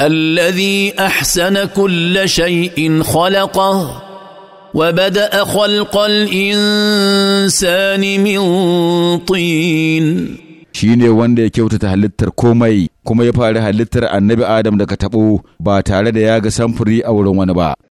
الذي احسن كل شيء خلقه وبدا خلق الانسان من طين shine wanda ya kyautata halittar komai kuma ya fara halittar annabi adam daga taɓo ba tare da ya ga samfuri a wurin wani ba